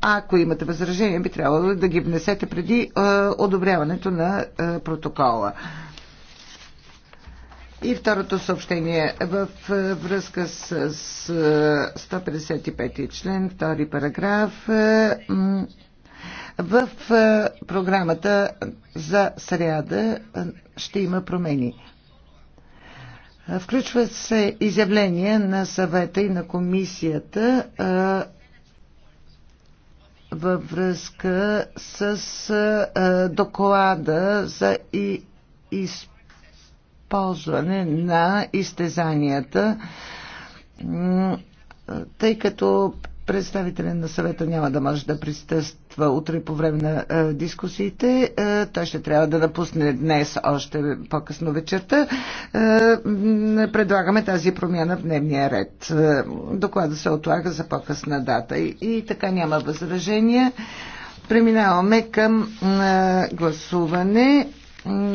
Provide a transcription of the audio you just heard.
Ако имате възражения, би трябвало да ги внесете преди е, одобряването на е, протокола. И второто съобщение в е, връзка с, с 155 член, втори параграф в програмата за сряда ще има промени. Включват се изявления на съвета и на комисията във връзка с доклада за и използване на изтезанията, тъй като представителя на съвета няма да може да присъства утре по време на а, е, дискусиите. А, е, той ще трябва да напусне днес, още по-късно вечерта. А, е, предлагаме тази промяна в дневния ред. А, доклада се отлага за по-късна дата и, и така няма възражения. Преминаваме към а, гласуване.